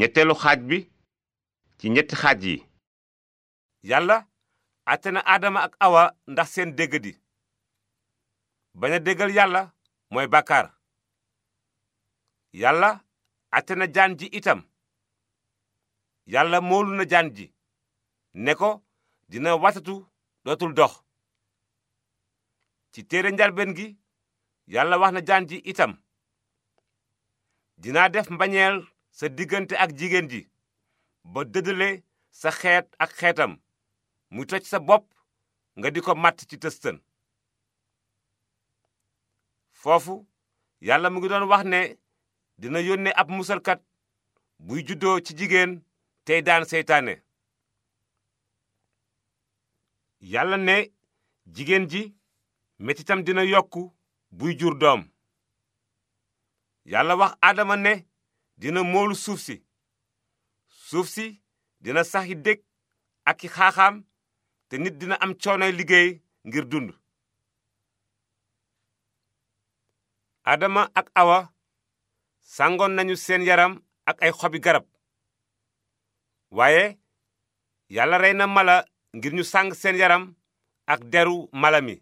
ñetteelu xaaj bi ci ñetti xaaj yi yàlla àtte na aadama ak awa ndax seen déggadi bañ a déggal yàlla mooy bàkkaar yàlla àtte na jaan ji itam yàlla moolu na jaan ji ne ko dina watatu dootul dox ci téere njalbeen gi yàlla wax na jaan ji itam dinaa def mbañeel sa diggante ak jigéen ji ba dëddale sa xeet ak xeetam mu toj sa bopp nga di ko màtt ci tëstën foofu yàlla mu ngi doon wax ne dina yónnee ab musalkat buy juddoo ci jigéen tey daan seytaane yàlla ne jigéen ji metitam dina yokk buy jur doom yàlla wax aadama ne dina moolu suuf si suuf si dina saxi dég ak i xaaxaam te nit dina am coonoy liggéey ngir dund adama ak awa sàngoon nañu seen yaram ak ay xobi garab waaye yàlla rey na mala ngir ñu sàng seen yaram ak deru mala mi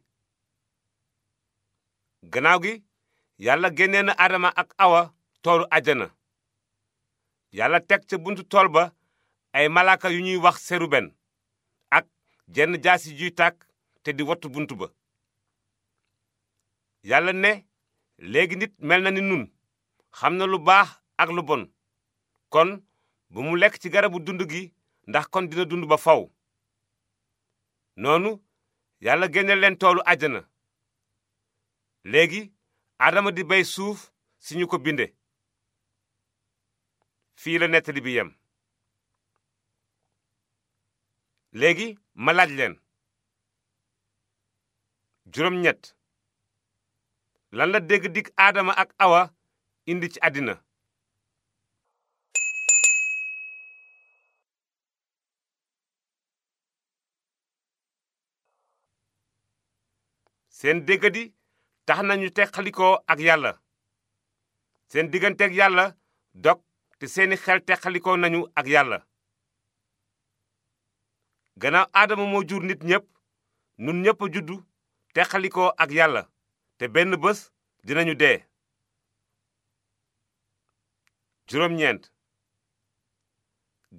gannaaw gi yàlla génnee na adama ak awa toolu àjjana yàlla teg ca buntu tool ba ay malaaka yu ñuy wax seruben ak jenn jaasi juy tàkk te di wattu buntu ba yàlla ne léegi nit mel na ni nun xam na lu baax ak lu bon kon bu mu lekk ci garabu dund gi ndax kon dina dund ba faw noonu yàlla génne leen toolu na léegi adama di bay suuf si ñu ko binde fii nettali bi yem léegi ma laaj leen juróom ñett lan la dégg dig aadama ak awa indi ci àddina seen déggadi tax nañu teqalikoo ak yàlla seen digganteeg yàlla dog te seeni xel texalikoo nañu ak yàlla gannaaw aadama moo jur nit ñépp nun ñépp a juddu teqalikoo ak yàlla te benn bés dinañu dee juróom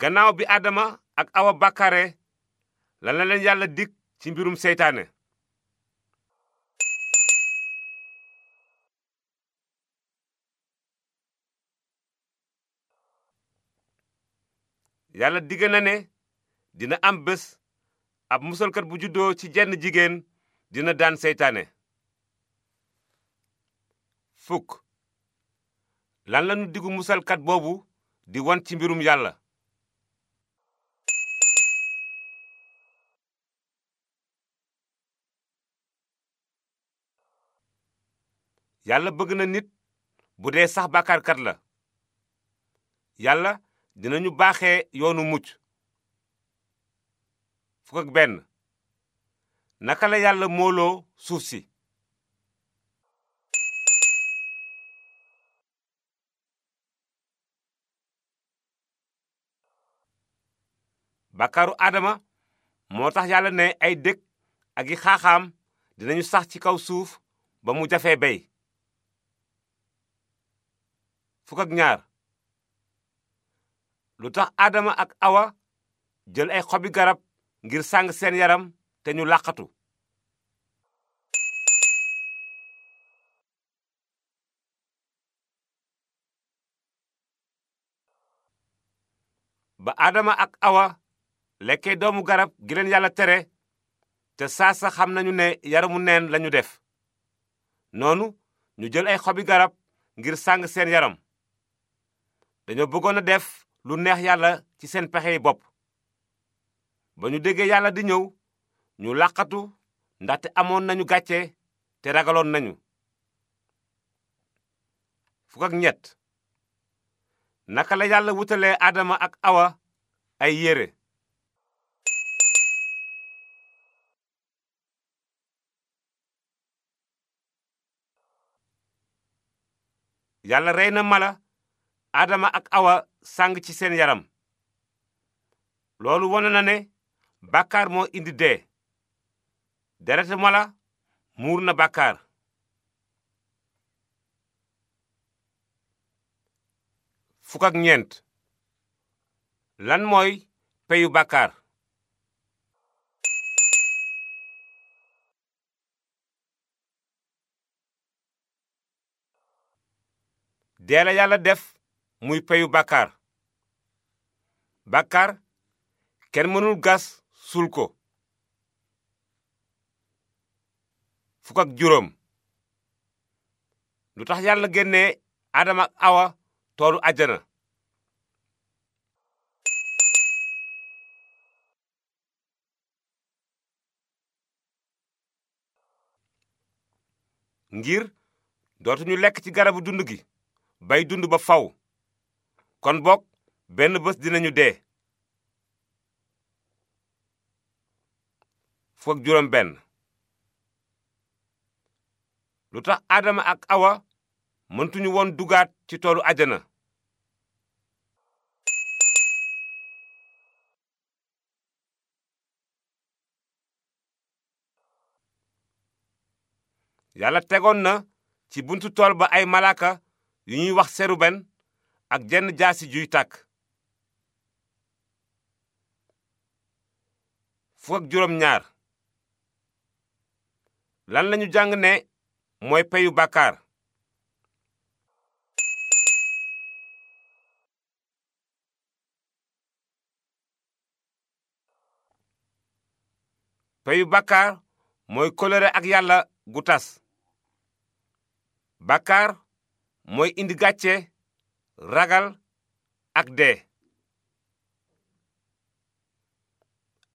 gannaaw bi aadama ak awa bàkkaare lan la leen yàlla dikk ci mbirum seytaane yàlla digge na ne dina am bés ab musalkat bu juddoo ci jenn jigéen dina daan seytaane fukk lan lanu digu musalkat boobu di won ci mbirum yàlla yàlla bëgg na nit bu dee sax bàkkaarkat la yàlla dinañu baaxe yoonu mucc fukk ak benn naka la yàlla mooloo suuf si bàkkaaru aadama moo tax yàlla ne ay dëkk ak i xaaxaam dinañu sax ci kaw suuf ba mu jafee bey fu ak ñaar lu tax aadama ak awa jël ay xobi garab ngir sàng seen yaram te ñu làqatu ba aadama ak awa lekkee doomu garab gi yàlla tere te saa sa xam nañu ne yaramu neen lañu def noonu ñu jël ay xobi garab ngir sàng seen yaram dañoo bëggoon def lu neex yàlla ci seen pexey bopp ba ñu déggee yàlla di ñëw ñu làqatu ndaxte amoon nañu gàcce te ragaloon nañu fukk ak ñett naka la yàlla wutalee aadama ak awa ay yére yàlla rey na mala aadama ak awa sàng ci seen yaram loolu wone na ne bàkkaar moo indi dee derete mala muur na bàkkaar fukk ñeent lan mooy peyu bàkkaar dee yàlla def muy peyu bàkkaar bàkkaar kenn mënul gas suul ko fukk ak juróom lu tax yàlla génnee aadama ak awa toolu àjjana ngir dootuñu lekk ci garabu dund gi bay dund ba faw kon bokk benn bés dinañu dee fukk lu tax aadama ak awa mëntuñu woon dugaat ci toolu àjjana yàlla tegoon na ci buntu tool ba ay malaaka yu ñuy wax seruben ak jenn jaasi juy tàkk fukk ak lan lañu jàng ne mooy peyu bàkkaar peyu bàkkaar mooy kóllëre ak yàlla gu tas bàkkaar mooy indi gàcce ragal ak dee